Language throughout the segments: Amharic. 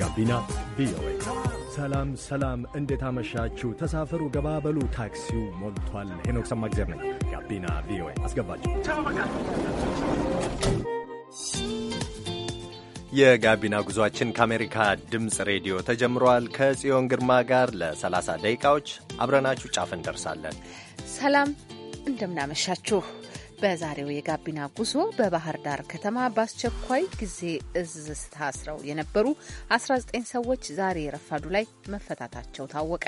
ጋቢና ቪኦኤ። ሰላም ሰላም፣ እንዴት አመሻችሁ? ተሳፈሩ፣ ገባበሉ፣ ታክሲው ሞልቷል። ሄኖክ ሰማግዜር ነኝ። ጋቢና ቪኦኤ አስገባችሁ። የጋቢና ጉዟችን ከአሜሪካ ድምፅ ሬዲዮ ተጀምሯል። ከጽዮን ግርማ ጋር ለ30 ደቂቃዎች አብረናችሁ ጫፍ እንደርሳለን። ሰላም፣ እንደምናመሻችሁ በዛሬው የጋቢና ጉዞ በባህር ዳር ከተማ በአስቸኳይ ጊዜ እዝ ታስረው የነበሩ 19 ሰዎች ዛሬ ረፋዱ ላይ መፈታታቸው ታወቀ።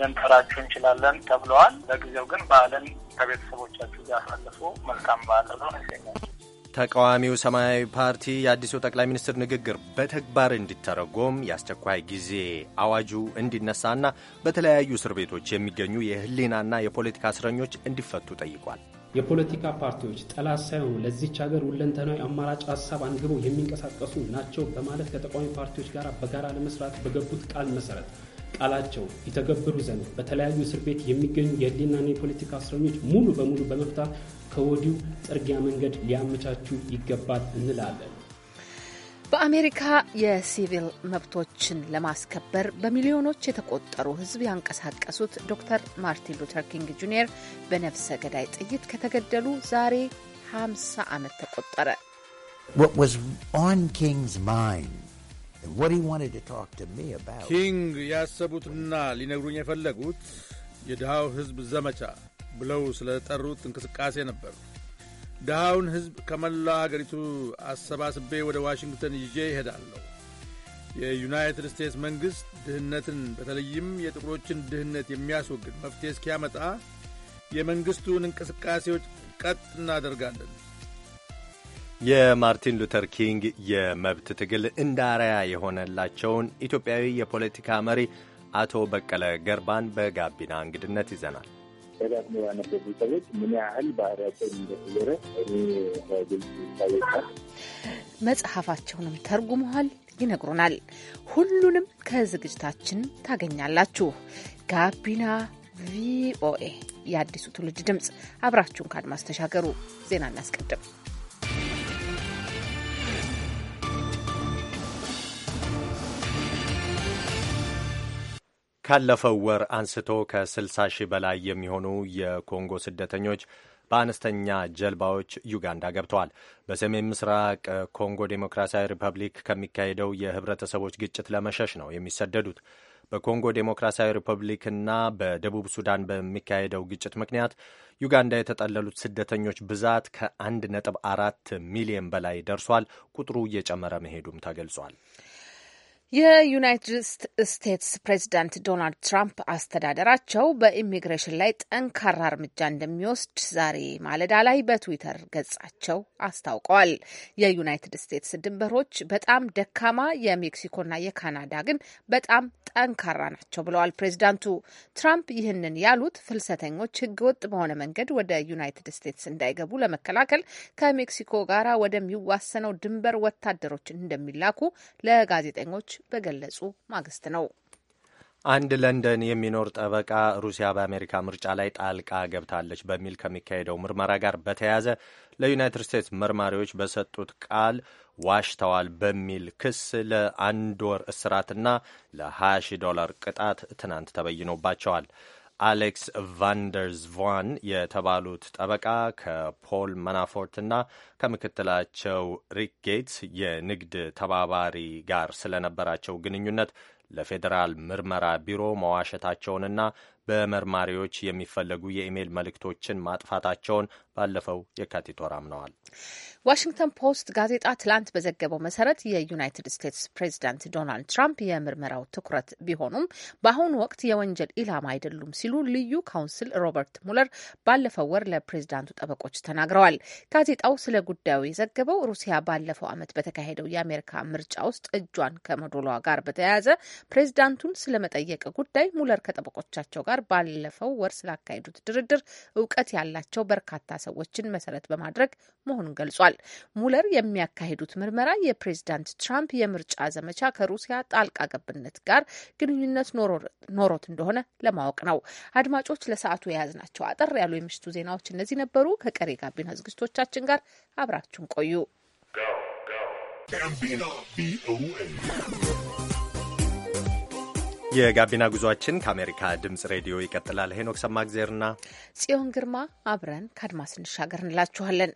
ልንጠራችሁ እንችላለን ተብለዋል። ለጊዜው ግን በዓልን ከቤተሰቦቻችሁ ጋር መልካም በዓል ነው ይገኛል። ተቃዋሚው ሰማያዊ ፓርቲ የአዲሱ ጠቅላይ ሚኒስትር ንግግር በተግባር እንዲተረጎም የአስቸኳይ ጊዜ አዋጁ እንዲነሳና በተለያዩ እስር ቤቶች የሚገኙ የህሊናና የፖለቲካ እስረኞች እንዲፈቱ ጠይቋል። የፖለቲካ ፓርቲዎች ጠላት ሳይሆኑ ለዚች ሀገር ሁለንተናዊ አማራጭ ሀሳብ አንግበው የሚንቀሳቀሱ ናቸው በማለት ከተቃዋሚ ፓርቲዎች ጋር በጋራ ለመስራት በገቡት ቃል መሰረት ቃላቸው የተገበሩ ዘንድ በተለያዩ እስር ቤት የሚገኙ የህሊናና የፖለቲካ እስረኞች ሙሉ በሙሉ በመፍታት ከወዲሁ ጥርጊያ መንገድ ሊያመቻቹ ይገባል እንላለን። በአሜሪካ የሲቪል መብቶችን ለማስከበር በሚሊዮኖች የተቆጠሩ ሕዝብ ያንቀሳቀሱት ዶክተር ማርቲን ሉተር ኪንግ ጁኒየር በነፍሰ ገዳይ ጥይት ከተገደሉ ዛሬ 50 ዓመት ተቆጠረ። ኪንግ ያሰቡትና ሊነግሩኝ የፈለጉት የድሃው ሕዝብ ዘመቻ ብለው ስለጠሩት እንቅስቃሴ ነበር። ድሃውን ሕዝብ ከመላ አገሪቱ አሰባስቤ ወደ ዋሽንግተን ይዤ ይሄዳለሁ። የዩናይትድ ስቴትስ መንግሥት ድህነትን በተለይም የጥቁሮችን ድህነት የሚያስወግድ መፍትሄ እስኪያመጣ የመንግሥቱን እንቅስቃሴዎች ቀጥ እናደርጋለን። የማርቲን ሉተር ኪንግ የመብት ትግል እንዳርያ የሆነላቸውን ኢትዮጵያዊ የፖለቲካ መሪ አቶ በቀለ ገርባን በጋቢና እንግድነት ይዘናል። ደጋግሞ ያነበቡ ሰዎች ምን ያህል ባህሪያቸው እንደተገረ እኔ በግልጽ ይታወቃል። መጽሐፋቸውንም ተርጉመዋል፣ ይነግሩናል። ሁሉንም ከዝግጅታችን ታገኛላችሁ። ጋቢና ቪኦኤ፣ የአዲሱ ትውልድ ድምፅ። አብራችሁን ከአድማስ ተሻገሩ። ዜና እናስቀድም። ካለፈው ወር አንስቶ ከ60 ሺህ በላይ የሚሆኑ የኮንጎ ስደተኞች በአነስተኛ ጀልባዎች ዩጋንዳ ገብተዋል። በሰሜን ምስራቅ ኮንጎ ዴሞክራሲያዊ ሪፐብሊክ ከሚካሄደው የህብረተሰቦች ግጭት ለመሸሽ ነው የሚሰደዱት። በኮንጎ ዴሞክራሲያዊ ሪፐብሊክና በደቡብ ሱዳን በሚካሄደው ግጭት ምክንያት ዩጋንዳ የተጠለሉት ስደተኞች ብዛት ከ አራት ሚሊዮን በላይ ደርሷል። ቁጥሩ እየጨመረ መሄዱም ተገልጿል። የዩናይትድ ስቴትስ ፕሬዚዳንት ዶናልድ ትራምፕ አስተዳደራቸው በኢሚግሬሽን ላይ ጠንካራ እርምጃ እንደሚወስድ ዛሬ ማለዳ ላይ በትዊተር ገጻቸው አስታውቀዋል። የዩናይትድ ስቴትስ ድንበሮች በጣም ደካማ፣ የሜክሲኮና የካናዳ ግን በጣም ጠንካራ ናቸው ብለዋል ፕሬዚዳንቱ። ትራምፕ ይህንን ያሉት ፍልሰተኞች ህገወጥ በሆነ መንገድ ወደ ዩናይትድ ስቴትስ እንዳይገቡ ለመከላከል ከሜክሲኮ ጋር ወደሚዋሰነው ድንበር ወታደሮች እንደሚላኩ ለጋዜጠኞች በገለጹ ማግስት ነው። አንድ ለንደን የሚኖር ጠበቃ ሩሲያ በአሜሪካ ምርጫ ላይ ጣልቃ ገብታለች በሚል ከሚካሄደው ምርመራ ጋር በተያያዘ ለዩናይትድ ስቴትስ መርማሪዎች በሰጡት ቃል ዋሽተዋል በሚል ክስ ለአንድ ወር እስራትና ለ20 ሺ ዶላር ቅጣት ትናንት ተበይኖባቸዋል። አሌክስ ቫንደርስቫን የተባሉት ጠበቃ ከፖል መናፎርትና ከምክትላቸው ሪክ ጌትስ የንግድ ተባባሪ ጋር ስለነበራቸው ግንኙነት ለፌዴራል ምርመራ ቢሮ መዋሸታቸውንና በመርማሪዎች የሚፈለጉ የኢሜይል መልእክቶችን ማጥፋታቸውን ባለፈው የካቲት ወር አምነዋል። ዋሽንግተን ፖስት ጋዜጣ ትላንት በዘገበው መሰረት የዩናይትድ ስቴትስ ፕሬዚዳንት ዶናልድ ትራምፕ የምርመራው ትኩረት ቢሆኑም በአሁኑ ወቅት የወንጀል ኢላማ አይደሉም ሲሉ ልዩ ካውንስል ሮበርት ሙለር ባለፈው ወር ለፕሬዚዳንቱ ጠበቆች ተናግረዋል። ጋዜጣው ስለ ጉዳዩ የዘገበው ሩሲያ ባለፈው ዓመት በተካሄደው የአሜሪካ ምርጫ ውስጥ እጇን ከመዶሏ ጋር በተያያዘ ፕሬዚዳንቱን ስለመጠየቅ ጉዳይ ሙለር ከጠበቆቻቸው ጋር ባለፈው ወር ስላካሄዱት ድርድር እውቀት ያላቸው በርካታ ሰዎችን መሰረት በማድረግ መሆኑን ገልጿል። ሙለር የሚያካሂዱት ምርመራ የፕሬዚዳንት ትራምፕ የምርጫ ዘመቻ ከሩሲያ ጣልቃ ገብነት ጋር ግንኙነት ኖሮት እንደሆነ ለማወቅ ነው። አድማጮች ለሰዓቱ የያዝ ናቸው። አጠር ያሉ የምሽቱ ዜናዎች እነዚህ ነበሩ። ከቀሪ ጋቢና ዝግጅቶቻችን ጋር አብራችሁን ቆዩ። የጋቢና ጉዟችን ከአሜሪካ ድምጽ ሬዲዮ ይቀጥላል። ሄኖክ ሰማግዜርና ጽዮን ግርማ አብረን ከአድማስ እንሻገር እንላችኋለን።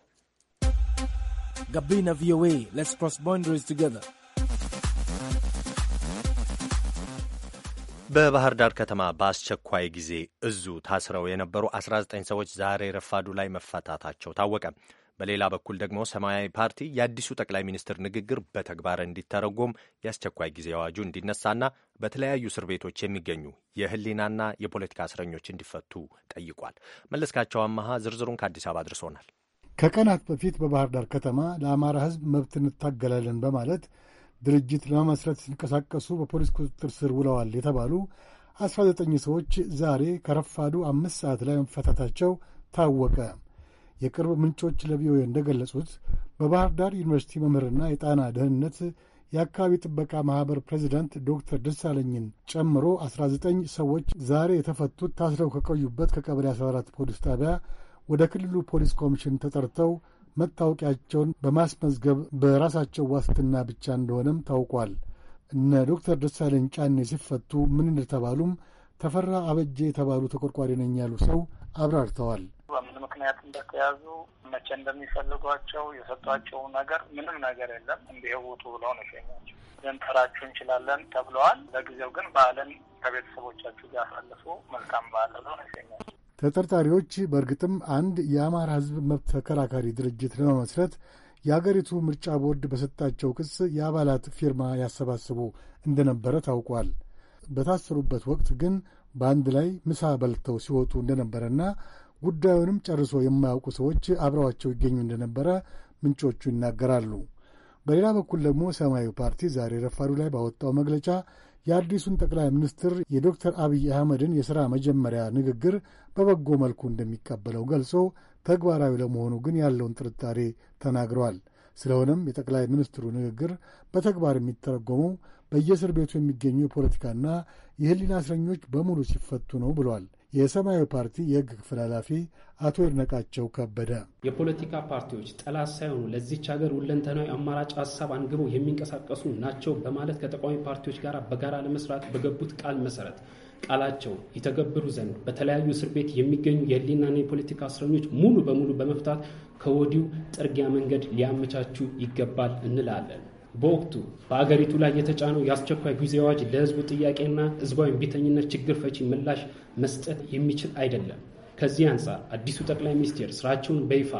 ጋቢና ቪኦኤ ሌትስ ክሮስ ቦንደሪስ ቱጌዘር። በባህር ዳር ከተማ በአስቸኳይ ጊዜ እዙ ታስረው የነበሩ 19 ሰዎች ዛሬ ረፋዱ ላይ መፈታታቸው ታወቀ። በሌላ በኩል ደግሞ ሰማያዊ ፓርቲ የአዲሱ ጠቅላይ ሚኒስትር ንግግር በተግባር እንዲተረጎም የአስቸኳይ ጊዜ አዋጁ እንዲነሳና በተለያዩ እስር ቤቶች የሚገኙ የሕሊናና የፖለቲካ እስረኞች እንዲፈቱ ጠይቋል። መለስካቸው አመሃ ዝርዝሩን ከአዲስ አበባ አድርሶናል። ከቀናት በፊት በባህር ዳር ከተማ ለአማራ ሕዝብ መብት እንታገላለን በማለት ድርጅት ለመመስረት ሲንቀሳቀሱ በፖሊስ ቁጥጥር ስር ውለዋል የተባሉ 19 ሰዎች ዛሬ ከረፋዱ አምስት ሰዓት ላይ መፈታታቸው ታወቀ። የቅርብ ምንጮች ለቪኦኤ እንደገለጹት በባህር ዳር ዩኒቨርሲቲ መምህርና የጣና ደህንነት የአካባቢ ጥበቃ ማኅበር ፕሬዚዳንት ዶክተር ደሳለኝን ጨምሮ 19 ሰዎች ዛሬ የተፈቱት ታስረው ከቆዩበት ከቀበሌ 14 ፖሊስ ጣቢያ ወደ ክልሉ ፖሊስ ኮሚሽን ተጠርተው መታወቂያቸውን በማስመዝገብ በራሳቸው ዋስትና ብቻ እንደሆነም ታውቋል። እነ ዶክተር ደሳለኝ ጫኔ ሲፈቱ ምን እንደተባሉም ተፈራ አበጄ የተባሉ ተቆርቋሪ ነኝ ያሉ ሰው አብራርተዋል። በምን ምክንያት እንደተያዙ፣ መቼ እንደሚፈልጓቸው የሰጧቸው ነገር ምንም ነገር የለም። እንዲህ ውጡ ብለው ነው የሸኟቸው። ልንጠራችሁ እንችላለን ተብለዋል። ለጊዜው ግን በዓልን ከቤተሰቦቻችሁ ጋር አሳልፉ፣ መልካም በዓል ብለው ነው ሸኛቸው። ተጠርጣሪዎች በእርግጥም አንድ የአማራ ሕዝብ መብት ተከራካሪ ድርጅት ለመመስረት የአገሪቱ ምርጫ ቦርድ በሰጣቸው ክስ የአባላት ፊርማ ያሰባስቡ እንደነበረ ታውቋል። በታሰሩበት ወቅት ግን በአንድ ላይ ምሳ በልተው ሲወጡ እንደነበረና ጉዳዩንም ጨርሶ የማያውቁ ሰዎች አብረዋቸው ይገኙ እንደነበረ ምንጮቹ ይናገራሉ። በሌላ በኩል ደግሞ ሰማያዊ ፓርቲ ዛሬ ረፋዱ ላይ ባወጣው መግለጫ የአዲሱን ጠቅላይ ሚኒስትር የዶክተር አብይ አህመድን የሥራ መጀመሪያ ንግግር በበጎ መልኩ እንደሚቀበለው ገልጾ ተግባራዊ ለመሆኑ ግን ያለውን ጥርጣሬ ተናግረዋል። ስለሆነም የጠቅላይ ሚኒስትሩ ንግግር በተግባር የሚተረጎመው በየእስር ቤቱ የሚገኙ የፖለቲካና የሕሊና እስረኞች በሙሉ ሲፈቱ ነው ብሏል። የሰማያዊ ፓርቲ የህግ ክፍል ኃላፊ አቶ ይድነቃቸው ከበደ የፖለቲካ ፓርቲዎች ጠላት ሳይሆኑ ለዚች ሀገር ሁለንተናዊ አማራጭ ሀሳብ አንግበው የሚንቀሳቀሱ ናቸው በማለት ከተቃዋሚ ፓርቲዎች ጋር በጋራ ለመስራት በገቡት ቃል መሰረት ቃላቸው የተገብሩ ዘንድ በተለያዩ እስር ቤት የሚገኙ የህሊናና የፖለቲካ እስረኞች ሙሉ በሙሉ በመፍታት ከወዲሁ ጥርጊያ መንገድ ሊያመቻቹ ይገባል እንላለን። በወቅቱ በአገሪቱ ላይ የተጫነው የአስቸኳይ ጊዜ አዋጅ ለህዝቡ ጥያቄና ህዝባዊ እምቢተኝነት ችግር ፈቺ ምላሽ መስጠት የሚችል አይደለም። ከዚህ አንጻር አዲሱ ጠቅላይ ሚኒስቴር ስራቸውን በይፋ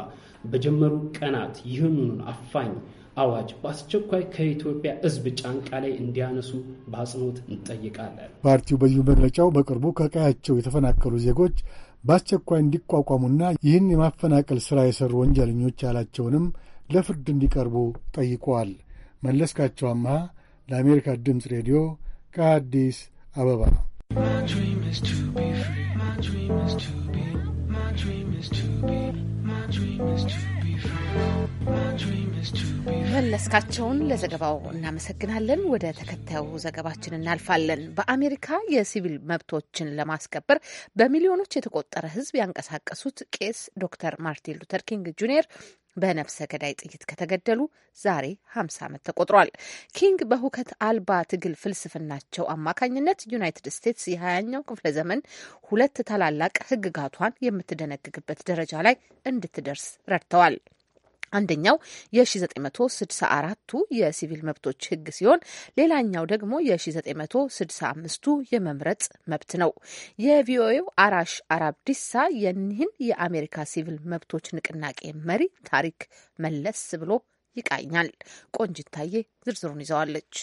በጀመሩ ቀናት ይህንኑን አፋኝ አዋጅ በአስቸኳይ ከኢትዮጵያ ህዝብ ጫንቃ ላይ እንዲያነሱ በአጽንኦት እንጠይቃለን። ፓርቲው በዚሁ መግለጫው በቅርቡ ከቀያቸው የተፈናቀሉ ዜጎች በአስቸኳይ እንዲቋቋሙና ይህን የማፈናቀል ሥራ የሠሩ ወንጀለኞች ያላቸውንም ለፍርድ እንዲቀርቡ ጠይቀዋል። መለስካቸው አምሃ ለአሜሪካ ድምፅ ሬዲዮ ከአዲስ አበባ መለስካቸውን ለዘገባው እናመሰግናለን። ወደ ተከታዩ ዘገባችን እናልፋለን። በአሜሪካ የሲቪል መብቶችን ለማስከበር በሚሊዮኖች የተቆጠረ ሕዝብ ያንቀሳቀሱት ቄስ ዶክተር ማርቲን ሉተር ኪንግ ጁኒየር በነፍሰ ገዳይ ጥይት ከተገደሉ ዛሬ 50 ዓመት ተቆጥሯል። ኪንግ በሁከት አልባ ትግል ፍልስፍናቸው አማካኝነት ዩናይትድ ስቴትስ የ20ኛው ክፍለ ዘመን ሁለት ታላላቅ ህግጋቷን የምትደነግግበት ደረጃ ላይ እንድትደርስ ረድተዋል። አንደኛው የ1964ቱ የሲቪል መብቶች ህግ ሲሆን ሌላኛው ደግሞ የ1965ቱ የመምረጥ መብት ነው። የቪኦኤው አራሽ አራብዲሳ የኒህን የአሜሪካ ሲቪል መብቶች ንቅናቄ መሪ ታሪክ መለስ ብሎ ይቃኛል። ቆንጅታዬ ዝርዝሩን ይዘዋለች።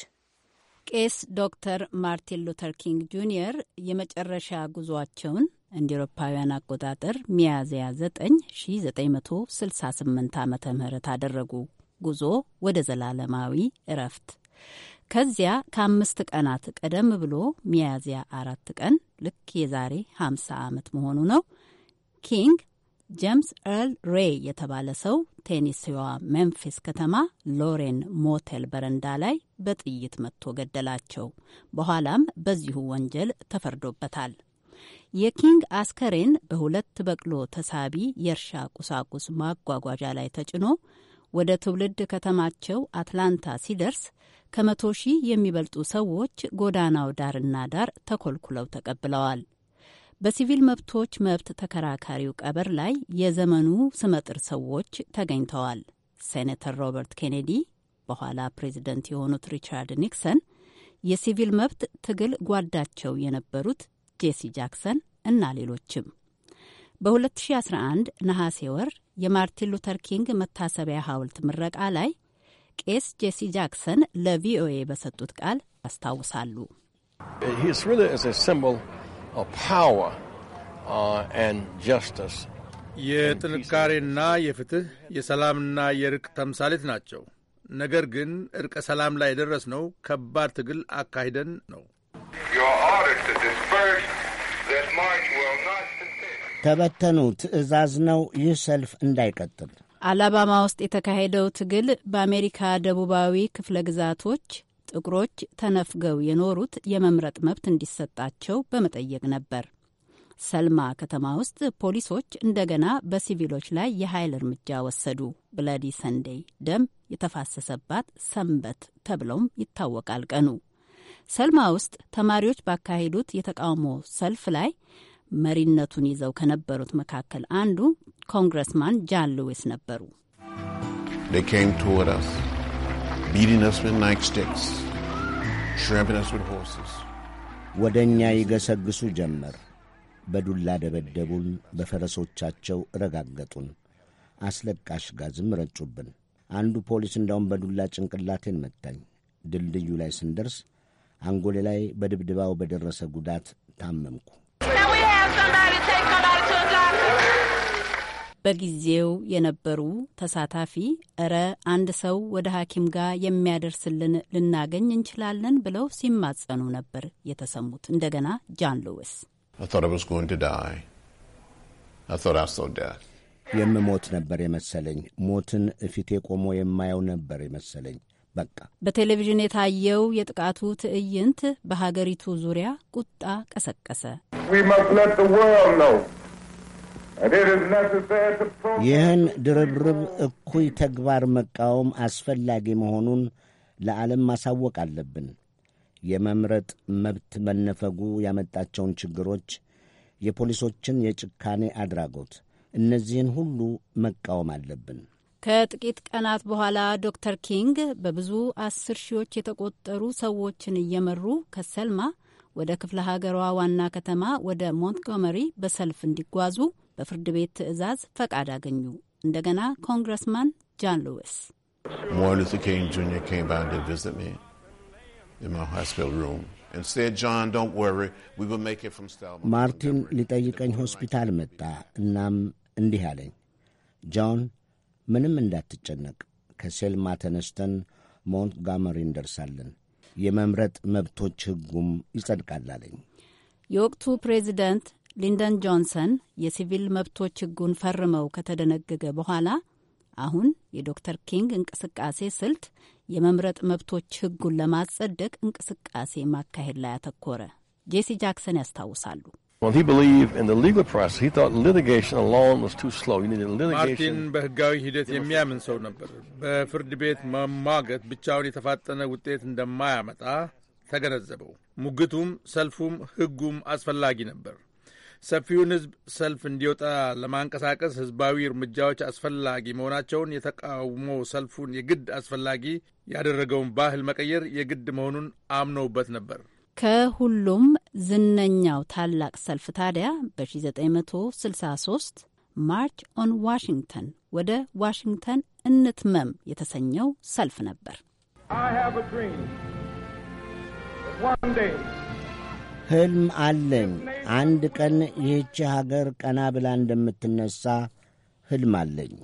ቄስ ዶክተር ማርቲን ሉተር ኪንግ ጁኒየር የመጨረሻ ጉዟቸውን እንደ ኤሮፓውያን አቆጣጠር ሚያዝያ 9 1968 ዓ ም አደረጉ ጉዞ ወደ ዘላለማዊ እረፍት። ከዚያ ከአምስት ቀናት ቀደም ብሎ ሚያዝያ አራት ቀን ልክ የዛሬ 50 ዓመት መሆኑ ነው ኪንግ ጄምስ ኤርል ሬይ የተባለ ሰው ቴኒሲዋ ሜምፊስ ከተማ ሎሬን ሞቴል በረንዳ ላይ በጥይት መጥቶ ገደላቸው። በኋላም በዚሁ ወንጀል ተፈርዶበታል። የኪንግ አስከሬን በሁለት በቅሎ ተሳቢ የእርሻ ቁሳቁስ ማጓጓዣ ላይ ተጭኖ ወደ ትውልድ ከተማቸው አትላንታ ሲደርስ ከመቶ ሺህ የሚበልጡ ሰዎች ጎዳናው ዳርና ዳር ተኮልኩለው ተቀብለዋል። በሲቪል መብቶች መብት ተከራካሪው ቀበር ላይ የዘመኑ ስመጥር ሰዎች ተገኝተዋል። ሴኔተር ሮበርት ኬኔዲ፣ በኋላ ፕሬዚደንት የሆኑት ሪቻርድ ኒክሰን የሲቪል መብት ትግል ጓዳቸው የነበሩት ጄሲ ጃክሰን እና ሌሎችም። በ2011 ነሐሴ ወር የማርቲን ሉተር ኪንግ መታሰቢያ ሐውልት ምረቃ ላይ ቄስ ጄሲ ጃክሰን ለቪኦኤ በሰጡት ቃል ያስታውሳሉ። uh, የጥንካሬና የፍትህ የሰላምና የእርቅ ተምሳሌት ናቸው። ነገር ግን እርቀ ሰላም ላይ የደረስነው ከባድ ትግል አካሂደን ነው። ተበተኑ ትዕዛዝ ነው። ይህ ሰልፍ እንዳይቀጥል አላባማ ውስጥ የተካሄደው ትግል በአሜሪካ ደቡባዊ ክፍለ ግዛቶች ጥቁሮች ተነፍገው የኖሩት የመምረጥ መብት እንዲሰጣቸው በመጠየቅ ነበር። ሰልማ ከተማ ውስጥ ፖሊሶች እንደገና በሲቪሎች ላይ የኃይል እርምጃ ወሰዱ። ብለዲ ሰንዴይ ደም የተፋሰሰባት ሰንበት ተብለውም ይታወቃል ቀኑ ሰልማ ውስጥ ተማሪዎች ባካሄዱት የተቃውሞ ሰልፍ ላይ መሪነቱን ይዘው ከነበሩት መካከል አንዱ ኮንግረስማን ጃን ሉዊስ ነበሩ። ወደ እኛ ይገሰግሱ ጀመር። በዱላ ደበደቡን፣ በፈረሶቻቸው ረጋገጡን፣ አስለቃሽ ጋዝም ረጩብን። አንዱ ፖሊስ እንዳውም በዱላ ጭንቅላቴን መታኝ። ድልድዩ ላይ ስንደርስ አንጎሌ ላይ በድብድባው በደረሰ ጉዳት ታመምኩ። በጊዜው የነበሩ ተሳታፊ እረ አንድ ሰው ወደ ሐኪም ጋር የሚያደርስልን ልናገኝ እንችላለን ብለው ሲማጸኑ ነበር የተሰሙት። እንደገና ጃን ሉዊስ የምሞት ነበር የመሰለኝ። ሞትን እፊቴ ቆሞ የማየው ነበር የመሰለኝ። በቃ በቴሌቪዥን የታየው የጥቃቱ ትዕይንት በሀገሪቱ ዙሪያ ቁጣ ቀሰቀሰ። ይህን ድርብርብ እኩይ ተግባር መቃወም አስፈላጊ መሆኑን ለዓለም ማሳወቅ አለብን። የመምረጥ መብት መነፈጉ ያመጣቸውን ችግሮች፣ የፖሊሶችን የጭካኔ አድራጎት፣ እነዚህን ሁሉ መቃወም አለብን። ከጥቂት ቀናት በኋላ ዶክተር ኪንግ በብዙ አስር ሺዎች የተቆጠሩ ሰዎችን እየመሩ ከሰልማ ወደ ክፍለ ሀገሯ ዋና ከተማ ወደ ሞንትጎመሪ በሰልፍ እንዲጓዙ በፍርድ ቤት ትዕዛዝ ፈቃድ አገኙ። እንደገና ኮንግረስማን ጃን ሉዊስ ማርቲን ሊጠይቀኝ ሆስፒታል መጣ። እናም እንዲህ አለኝ፣ ጆን ምንም እንዳትጨነቅ፣ ከሴልማ ተነስተን ሞንትጋመሪ እንደርሳለን። የመምረጥ መብቶች ሕጉም ይጸድቃል አለኝ። የወቅቱ ፕሬዚደንት ሊንደን ጆንሰን የሲቪል መብቶች ሕጉን ፈርመው ከተደነገገ በኋላ አሁን የዶክተር ኪንግ እንቅስቃሴ ስልት የመምረጥ መብቶች ሕጉን ለማጸደቅ እንቅስቃሴ ማካሄድ ላይ አተኮረ። ጄሲ ጃክሰን ያስታውሳሉ። ማርቲን በህጋዊ ሂደት የሚያምን ሰው ነበር። በፍርድ ቤት መሟገት ብቻውን የተፋጠነ ውጤት እንደማያመጣ ተገነዘበው። ሙግቱም፣ ሰልፉም፣ ህጉም አስፈላጊ ነበር። ሰፊውን ህዝብ ሰልፍ እንዲወጣ ለማንቀሳቀስ ህዝባዊ እርምጃዎች አስፈላጊ መሆናቸውን የተቃውሞ ሰልፉን የግድ አስፈላጊ ያደረገውን ባህል መቀየር የግድ መሆኑን አምነውበት ነበር። ከሁሉም ዝነኛው ታላቅ ሰልፍ ታዲያ በ1963 ማርች ኦን ዋሽንግተን ወደ ዋሽንግተን እንትመም የተሰኘው ሰልፍ ነበር። ህልም አለኝ አንድ ቀን ይህች ሀገር ቀና ብላ እንደምትነሳ ህልም አለኝ።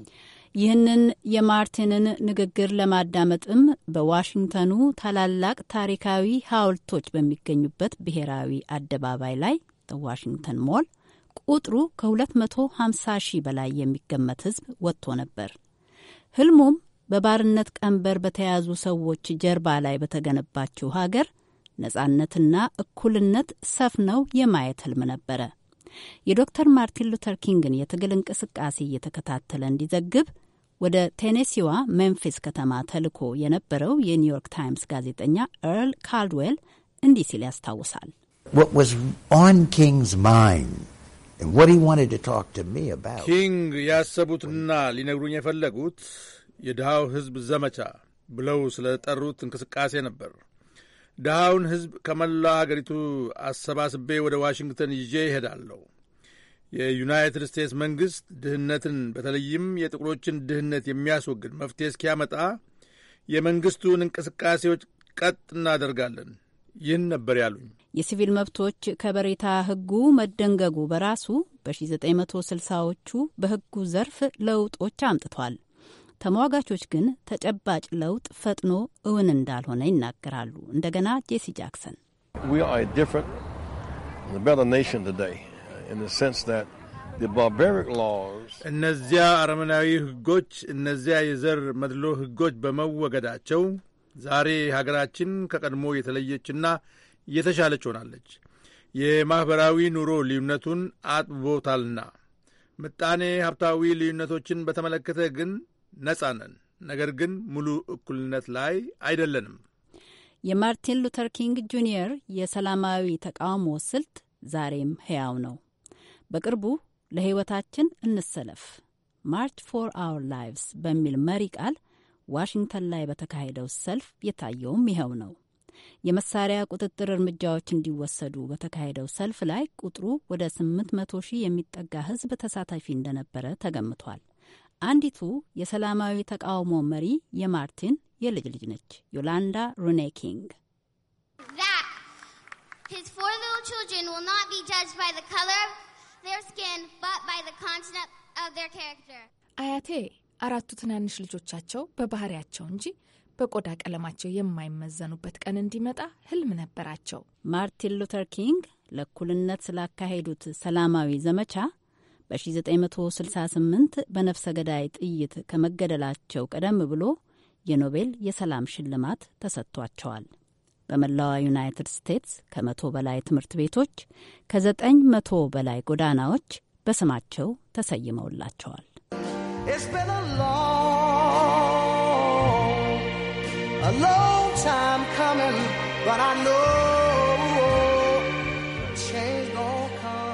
ይህንን የማርቲንን ንግግር ለማዳመጥም በዋሽንግተኑ ታላላቅ ታሪካዊ ሐውልቶች በሚገኙበት ብሔራዊ አደባባይ ላይ ዋሽንግተን ሞል ቁጥሩ ከ250 ሺህ በላይ የሚገመት ሕዝብ ወጥቶ ነበር። ህልሙም በባርነት ቀንበር በተያዙ ሰዎች ጀርባ ላይ በተገነባችው ሀገር ነጻነትና እኩልነት ሰፍነው የማየት ህልም ነበረ። የዶክተር ማርቲን ሉተር ኪንግን የትግል እንቅስቃሴ እየተከታተለ እንዲዘግብ ወደ ቴኔሲዋ ሜምፊስ ከተማ ተልኮ የነበረው የኒውዮርክ ታይምስ ጋዜጠኛ ኤርል ካልድዌል እንዲህ ሲል ያስታውሳል። ኪንግ ያሰቡትና ሊነግሩኝ የፈለጉት የድሃው ሕዝብ ዘመቻ ብለው ስለ ጠሩት እንቅስቃሴ ነበር። ድሃውን ሕዝብ ከመላ አገሪቱ አሰባስቤ ወደ ዋሽንግተን ይዤ ይሄዳለሁ። የዩናይትድ ስቴትስ መንግሥት ድህነትን በተለይም የጥቁሮችን ድህነት የሚያስወግድ መፍትሄ እስኪያመጣ የመንግሥቱን እንቅስቃሴዎች ቀጥ እናደርጋለን። ይህን ነበር ያሉኝ። የሲቪል መብቶች ከበሬታ ሕጉ መደንገጉ በራሱ በ1960ዎቹ በሕጉ ዘርፍ ለውጦች አምጥቷል። ተሟጋቾች ግን ተጨባጭ ለውጥ ፈጥኖ እውን እንዳልሆነ ይናገራሉ። እንደገና ጄሲ ጃክሰን እነዚያ አረመናዊ ህጎች እነዚያ የዘር መድሎ ህጎች በመወገዳቸው ዛሬ ሀገራችን ከቀድሞ የተለየችና የተሻለች ሆናለች። የማኅበራዊ ኑሮ ልዩነቱን አጥብቦታልና። ምጣኔ ሀብታዊ ልዩነቶችን በተመለከተ ግን ነጻ ነን። ነገር ግን ሙሉ እኩልነት ላይ አይደለንም። የማርቲን ሉተር ኪንግ ጁኒየር የሰላማዊ ተቃውሞ ስልት ዛሬም ሕያው ነው። በቅርቡ ለሕይወታችን እንሰለፍ ማርች ፎር አወር ላይቭስ በሚል መሪ ቃል ዋሽንግተን ላይ በተካሄደው ሰልፍ የታየውም ይኸው ነው። የመሳሪያ ቁጥጥር እርምጃዎች እንዲወሰዱ በተካሄደው ሰልፍ ላይ ቁጥሩ ወደ 800 ሺህ የሚጠጋ ሕዝብ ተሳታፊ እንደነበረ ተገምቷል። አንዲቱ የሰላማዊ ተቃውሞ መሪ የማርቲን የልጅ ልጅ ነች፣ ዮላንዳ ሩኔ ኪንግ። His four little children will not be judged by the color of አያቴ አራቱ ትናንሽ ልጆቻቸው በባህሪያቸው እንጂ በቆዳ ቀለማቸው የማይመዘኑበት ቀን እንዲመጣ ህልም ነበራቸው። ማርቲን ሉተር ኪንግ ለእኩልነት ስላካሄዱት ሰላማዊ ዘመቻ በ1968 በነፍሰ ገዳይ ጥይት ከመገደላቸው ቀደም ብሎ የኖቤል የሰላም ሽልማት ተሰጥቷቸዋል። በመላዋ ዩናይትድ ስቴትስ ከመቶ በላይ ትምህርት ቤቶች፣ ከዘጠኝ መቶ በላይ ጎዳናዎች በስማቸው ተሰይመውላቸዋል። A long time coming, but I know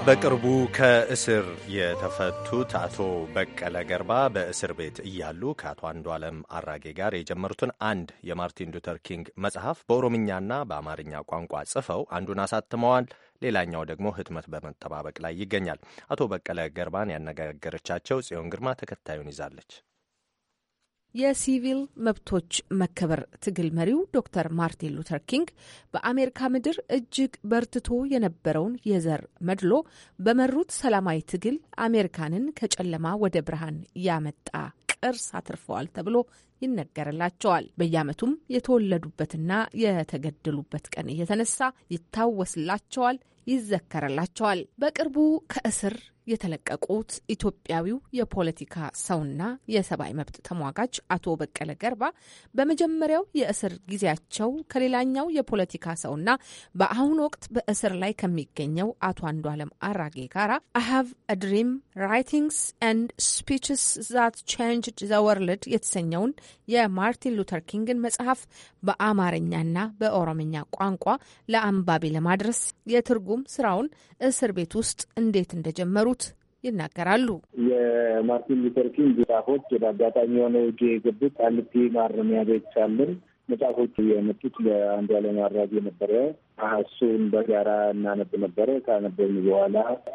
በቅርቡ ከእስር የተፈቱት አቶ በቀለ ገርባ በእስር ቤት እያሉ ከአቶ አንዱ ዓለም አራጌ ጋር የጀመሩትን አንድ የማርቲን ሉተር ኪንግ መጽሐፍ በኦሮምኛና በአማርኛ ቋንቋ ጽፈው አንዱን አሳትመዋል። ሌላኛው ደግሞ ህትመት በመጠባበቅ ላይ ይገኛል። አቶ በቀለ ገርባን ያነጋገረቻቸው ጽዮን ግርማ ተከታዩን ይዛለች። የሲቪል መብቶች መከበር ትግል መሪው ዶክተር ማርቲን ሉተር ኪንግ በአሜሪካ ምድር እጅግ በርትቶ የነበረውን የዘር መድሎ በመሩት ሰላማዊ ትግል አሜሪካንን ከጨለማ ወደ ብርሃን ያመጣ ቅርስ አትርፈዋል ተብሎ ይነገርላቸዋል። በየዓመቱም የተወለዱበትና የተገደሉበት ቀን እየተነሳ ይታወስላቸዋል፣ ይዘከርላቸዋል። በቅርቡ ከእስር የተለቀቁት ኢትዮጵያዊው የፖለቲካ ሰውና የሰብአዊ መብት ተሟጋች አቶ በቀለ ገርባ በመጀመሪያው የእስር ጊዜያቸው ከሌላኛው የፖለቲካ ሰውና በአሁኑ ወቅት በእስር ላይ ከሚገኘው አቶ አለም አራጌ ጋር አሃቭ ድሪም ራይቲንግስ ኤንድ ስፒችስ ዛት ቼንጅ ዘ ወርልድ የተሰኘውን የማርቲን ሉተር ኪንግን መጽሐፍ በአማርኛና በኦሮምኛ ቋንቋ ለአንባቢ ለማድረስ የትርጉም ስራውን እስር ቤት ውስጥ እንዴት እንደጀመሩት ይናገራሉ። የማርቲን ሉተር ኪንግ ጻፎች ወደ አጋጣሚ የሆነ ውጭ የገቡት ቃሊቲ ማረሚያ ቤት አለን። መጽሐፎቹ የመጡት ለአንዱዓለም አራጌ ነበረ። እሱን በጋራ እናነብ ነበረ። ካነበብን በኋላ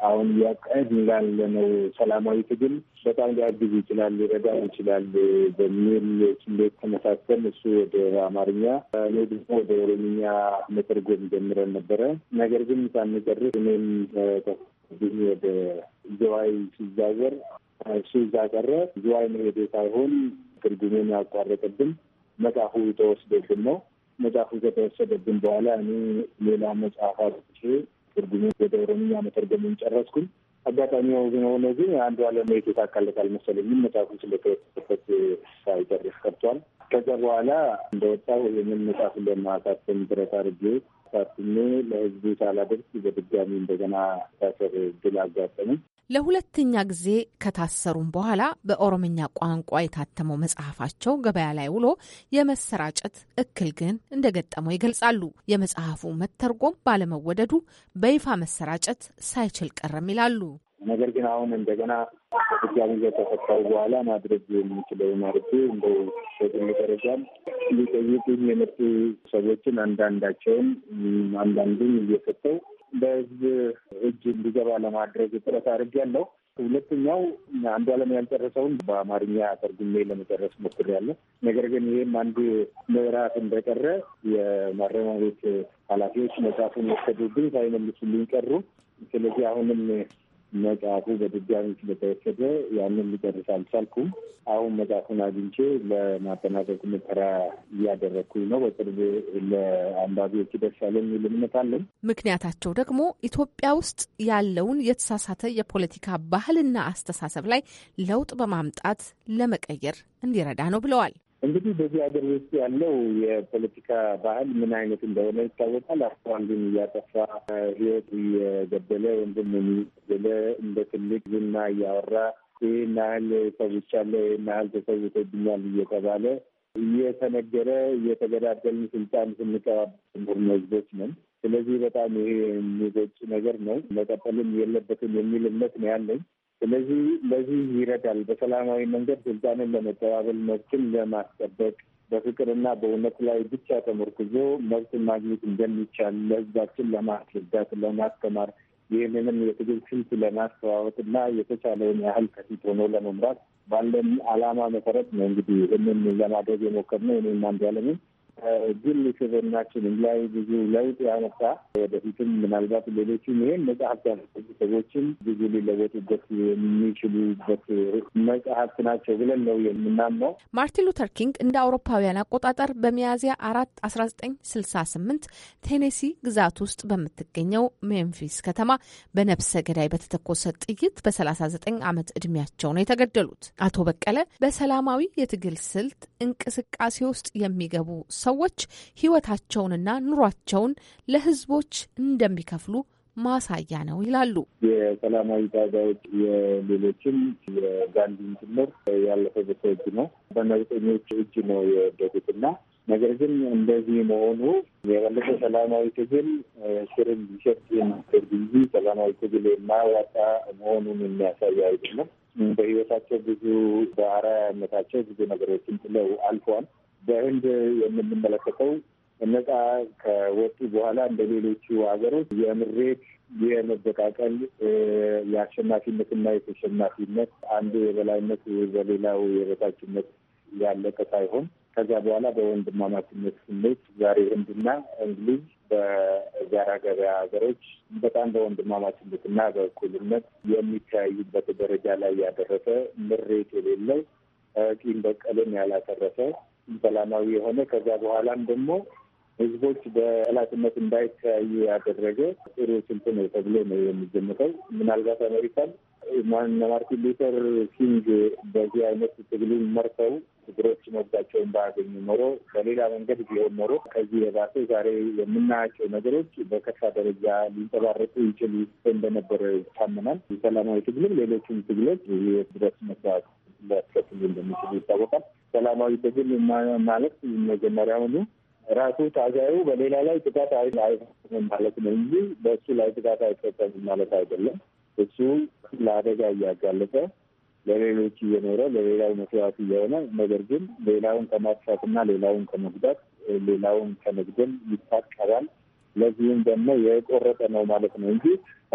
አሁን ያቀድ ላለነው ሰላማዊ ትግል በጣም ሊያግዝ ይችላል፣ ሊረዳ ይችላል በሚል ስሌት ተመሳሰል እሱ ወደ አማርኛ፣ እኔ ደግሞ ወደ ኦሮምኛ መተርጎም ጀምረን ነበረ። ነገር ግን ሳንጨርስ እኔም ብዙ ወደ ዝዋይ ሲዛገር እሱ እዛ ቀረ። ዝዋይ መሄድ ሳይሆን ትርጉሜን ያቋረጠብን መጽሐፉ ተወስደብን ነው። መጽሐፉ ከተወሰደብን በኋላ እኔ ሌላ መጽሐፍ አርቼ ትርጉሜ ወደ ኦሮምኛ መተርገሙን ጨረስኩኝ። አጋጣሚ ሆኖ ግን አንዱ አለም የተሳካለት አልመሰለኝም። መጽሐፉን ስለተወሰበት ሳይጨርስ ቀርቷል። ከዛ በኋላ እንደወጣሁ ይህንን መጽሐፍ እንደማሳተም ጥረት አድርጌ ሳትሜ ለህዝቡ ሳላደርስ በድጋሚ እንደገና ታሰር ድል አጋጠመኝ። ለሁለተኛ ጊዜ ከታሰሩም በኋላ በኦሮምኛ ቋንቋ የታተመው መጽሐፋቸው ገበያ ላይ ውሎ የመሰራጨት እክል ግን እንደገጠመው ይገልጻሉ። የመጽሐፉ መተርጎም ባለመወደዱ በይፋ መሰራጨት ሳይችል ቀረም ይላሉ። ነገር ግን አሁን እንደገና ድጋሚ ከተፈታው በኋላ ማድረግ የምንችለው ማድረግ እንደ በግል ደረጃም ሊጠይቁኝ የመጡ ሰዎችን አንዳንዳቸውን አንዳንዱን እየሰጠው በህዝብ እጅ እንዲገባ ለማድረግ ጥረት አድርጌያለሁ። ሁለተኛው አንዱ ዓለም ያልጨረሰውን በአማርኛ ተርጉሜ ለመጨረስ ሞክሬያለሁ። ነገር ግን ይህም አንዱ ምዕራፍ እንደቀረ የማረሚያ ቤት ኃላፊዎች መጽሐፉን ወሰዱብኝ፣ ሳይመልሱልኝ ቀሩ። ስለዚህ አሁንም መጽሐፉ በድጋሚ ስለተወሰደ ያንን ሊጨርስ አልቻልኩም። አሁን መጽሐፉን አግኝቼ ለማጠናቀቁ ሙከራ እያደረግኩኝ ነው። በቅርብ ለአንባቢዎች ይደርሳል የሚል እምነት አለን። ምክንያታቸው ደግሞ ኢትዮጵያ ውስጥ ያለውን የተሳሳተ የፖለቲካ ባህልና አስተሳሰብ ላይ ለውጥ በማምጣት ለመቀየር እንዲረዳ ነው ብለዋል። እንግዲህ በዚህ ሀገር ውስጥ ያለው የፖለቲካ ባህል ምን አይነት እንደሆነ ይታወቃል። አቶ አንዱን እያጠፋ ህይወት እየገደለ ወንድም የሚገለ እንደ ትልቅ ዝና እያወራ ይህን ያህል ተሰውቻለሁ፣ ይህን ያህል ተሰውቶብኛል እየተባለ እየተነገረ እየተገዳደልን ስልጣን ስንቀባበር ህዝቦች ነን። ስለዚህ በጣም ይሄ የሚጎጭ ነገር ነው፣ መቀጠልም የለበትም የሚል እምነት ነው ያለኝ። ስለዚህ ለዚህ ይረዳል። በሰላማዊ መንገድ ስልጣንን ለመጠባበል መብትን ለማስጠበቅ በፍቅርና በእውነት ላይ ብቻ ተመርኩዞ መብት ማግኘት እንደሚቻል ለህዝባችን ለማስረዳት፣ ለማስተማር ይህንንም የትግል ስልት ለማስተዋወቅ እና የተቻለውን ያህል ከፊት ሆኖ ለመምራት ባለን አላማ መሰረት ነው እንግዲህ ይህንን ለማድረግ የሞከርነው እኔም አንዱ ያለምን ግል ስብዕናችንም ላይ ብዙ ለውጥ ያመጣ ወደፊትም ምናልባት ሌሎችም ይህን መጽሐፍ ያነሱ ሰዎችም ብዙ ሊለወጡበት የሚችሉበት መጽሐፍት ናቸው ብለን ነው የምናምነው። ማርቲን ሉተር ኪንግ እንደ አውሮፓውያን አቆጣጠር በሚያዝያ አራት አስራ ዘጠኝ ስልሳ ስምንት ቴኔሲ ግዛት ውስጥ በምትገኘው ሜምፊስ ከተማ በነፍሰ ገዳይ በተተኮሰ ጥይት በሰላሳ ዘጠኝ ዓመት እድሜያቸው ነው የተገደሉት። አቶ በቀለ በሰላማዊ የትግል ስልት እንቅስቃሴ ውስጥ የሚገቡ ሰዎች ህይወታቸውንና ኑሯቸውን ለህዝቦች እንደሚከፍሉ ማሳያ ነው ይላሉ። የሰላማዊ ታጋዮች የሌሎችም የጋንዲን ጭምር ያለፈ በሰው እጅ ነው፣ በነውጠኞች እጅ ነው የወደቁትና ነገር ግን እንደዚህ መሆኑ የበለጠ ሰላማዊ ትግል ስርን ሊሸጥ የሚገድ እንጂ ሰላማዊ ትግል የማያዋጣ መሆኑን የሚያሳይ አይደለም። በህይወታቸው ብዙ በአርአያነታቸው ብዙ ነገሮችን ጥለው አልፏል። በህንድ የምንመለከተው ነጻ ከወጡ በኋላ እንደ ሌሎቹ ሀገሮች የምሬት የመበቃቀል የአሸናፊነትና የተሸናፊነት አንዱ የበላይነት በሌላው የበታችነት ያለቀ ሳይሆን ከዛ በኋላ በወንድማማችነት ስሜት ዛሬ ህንድና እንግሊዝ በጋራ ገበያ ሀገሮች በጣም በወንድማማችነትና በእኩልነት የሚተያዩበት ደረጃ ላይ ያደረሰ ምሬት የሌለው ቂም በቀልን ያላተረፈ ሰላማዊ የሆነ ከዛ በኋላም ደግሞ ህዝቦች በጠላትነት እንዳይተያዩ ያደረገ ጥሩ ስልት ነው ተብሎ ነው የሚገመተው። ምናልባት አሜሪካን ማርቲን ሉተር ኪንግ በዚህ አይነት ትግሉን መርተው ትግሮች መብታቸውን ባያገኙ ኖሮ በሌላ መንገድ ቢሆን ኖሮ ከዚህ የባሰ ዛሬ የምናያቸው ነገሮች በከፋ ደረጃ ሊንጸባረቁ ይችሉ እንደነበረ ይታመናል። ሰላማዊ ትግልም ሌሎችም ትግሎች ይህ ድረስ መስዋዕት ሊያስከትሉ እንደሚችሉ ይታወቃል። ሰላማዊ ትግል ማለት መጀመሪያውኑ ራሱ ታጋዩ በሌላ ላይ ጥቃት አይፈጽምም ማለት ነው እንጂ በእሱ ላይ ጥቃት አይፈጸምም ማለት አይደለም። እሱ ለአደጋ እያጋለጠ ለሌሎች እየኖረ ለሌላው መስዋዕት እየሆነ ነገር ግን ሌላውን ከማጥፋትና ሌላውን ከመጉዳት ሌላውን ከመግደል ይታቀባል። ለዚህም ደግሞ የቆረጠ ነው ማለት ነው እንጂ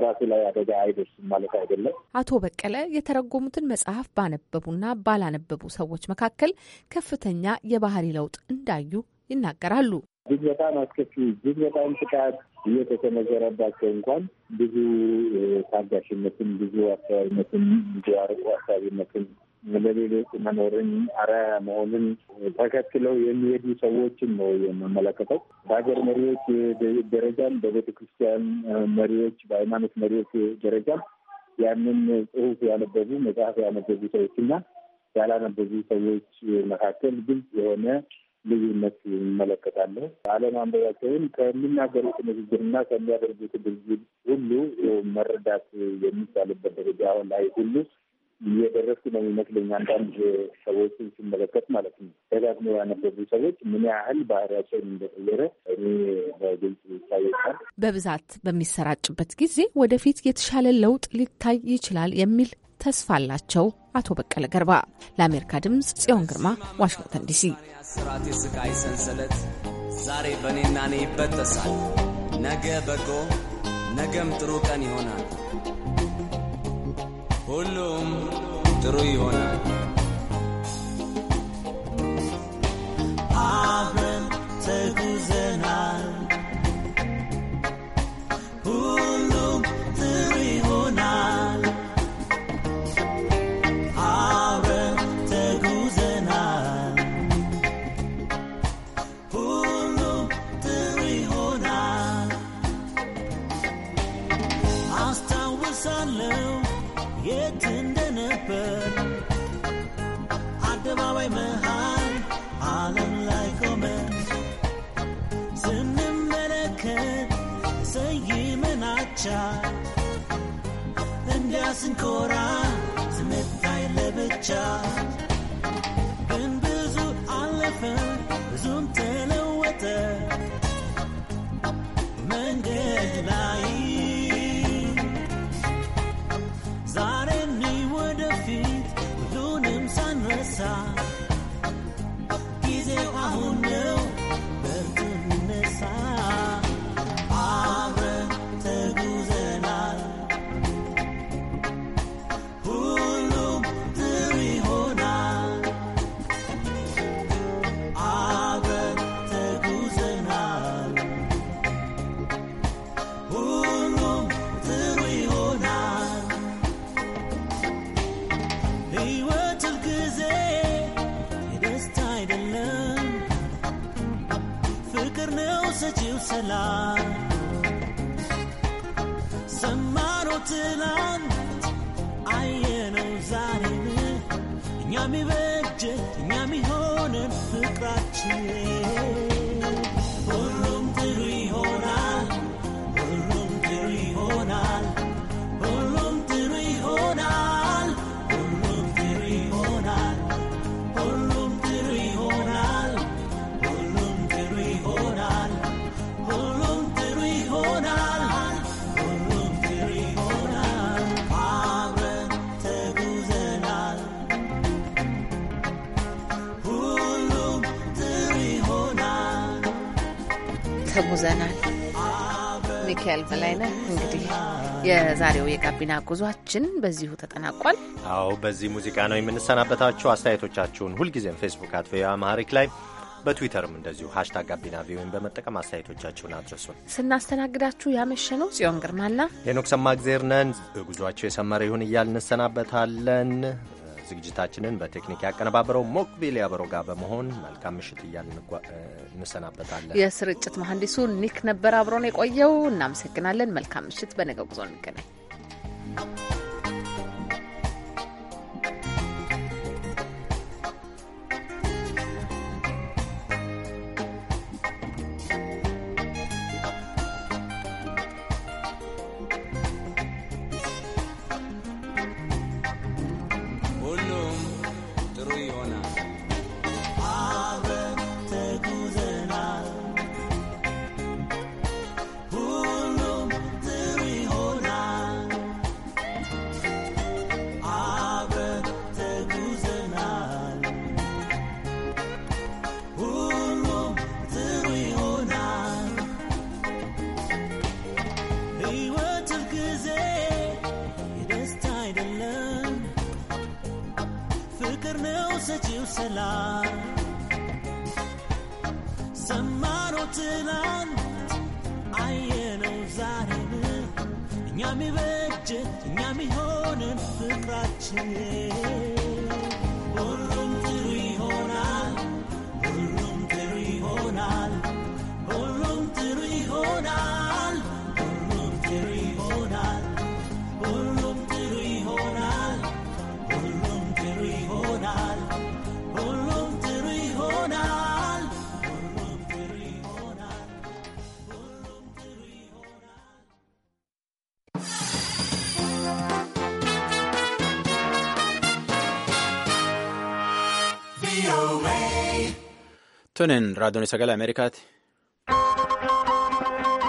ራሱ ላይ አደጋ አይደርስም ማለት አይደለም። አቶ በቀለ የተረጎሙትን መጽሐፍ ባነበቡና ባላነበቡ ሰዎች መካከል ከፍተኛ የባህሪ ለውጥ እንዳዩ ይናገራሉ። እጅግ በጣም አስከፊ እጅግ በጣም ጥቃት እየተሰነዘረባቸው እንኳን ብዙ ታጋሽነትን፣ ብዙ አስተዋይነትን፣ ብዙ አርቆ አሳቢነትን ለሌሎች መኖርን አርአያ መሆንን ተከትለው የሚሄዱ ሰዎችን ነው የምመለከተው። በሀገር መሪዎች ደረጃም፣ በቤተ ክርስቲያን መሪዎች፣ በሃይማኖት መሪዎች ደረጃም ያንን ጽሑፍ ያነበቡ መጽሐፍ ያነበቡ ሰዎችና ያላነበቡ ሰዎች መካከል ግልጽ የሆነ ልዩነት ይመለከታለሁ። አለማንበባቸውን ከሚናገሩት ንግግርና ከሚያደርጉት ድርጊት ሁሉ መረዳት የሚቻልበት ደረጃ አሁን ላይ ሁሉ እየደረስኩ ነው የሚመስለኝ። አንዳንድ ሰዎች ስመለከት ማለት ነው ደጋግሞ ያነበቡ ሰዎች ምን ያህል ባህሪያቸውን እንደተቀየረ እኔ በግልጽ ይታወቃል። በብዛት በሚሰራጭበት ጊዜ ወደፊት የተሻለ ለውጥ ሊታይ ይችላል የሚል ተስፋ አላቸው አቶ በቀለ ገርባ። ለአሜሪካ ድምፅ ጽዮን ግርማ፣ ዋሽንግተን ዲሲ። ስራት የስቃይ ሰንሰለት ዛሬ በእኔና እኔ ይበጠሳል። ነገ በጎ ነገም ጥሩ ቀን ይሆናል። Rui Bona. ስንኮራ ስንታይ ለብቻ ግን ብዙ አለፈ ብዙም ተለወጠ መንገድ ላይ ዛሬ እኔ ወደፊት ሁሉንም ሳንረሳ ሰላም ሰማነው ትናንት አየነው ዛሬን እኛም ይበጀ እኛም ይሆነን ፍቅራችን ተጉዘናል። ሚካኤል በላይነ እንግዲህ የዛሬው የጋቢና ጉዟችን በዚሁ ተጠናቋል። አዎ በዚህ ሙዚቃ ነው የምንሰናበታችሁ። አስተያየቶቻችሁን ሁልጊዜም ፌስቡክ አት ቪኦኤ አማሪክ ላይ በትዊተርም እንደዚሁ ሀሽታግ ጋቢና ቪኦኤን በመጠቀም አስተያየቶቻችሁን አድረሱን። ስናስተናግዳችሁ ነው ጽዮን ግርማና ሄኖክ ሰማእግዜር ነን። ጉዟችሁ የሰመረ ይሁን እያል እንሰናበታለን። ዝግጅታችንን በቴክኒክ ያቀነባበረው ሞክቢል ያበሮ ጋር በመሆን መልካም ምሽት እያል እንሰናበታለን። የስርጭት መሐንዲሱ ኒክ ነበር አብሮን የቆየው። እናመሰግናለን። መልካም ምሽት። በነገ ጉዞ እንገናኝ። ፍቅር ነው ሰጪው ሰላም ሰማነው ትናንት አየነው ዛሬን እኛም ይበጀ እኛም ይሆንን ፍቅራችን Tonin raadiyoon sagalee Ameerikaati.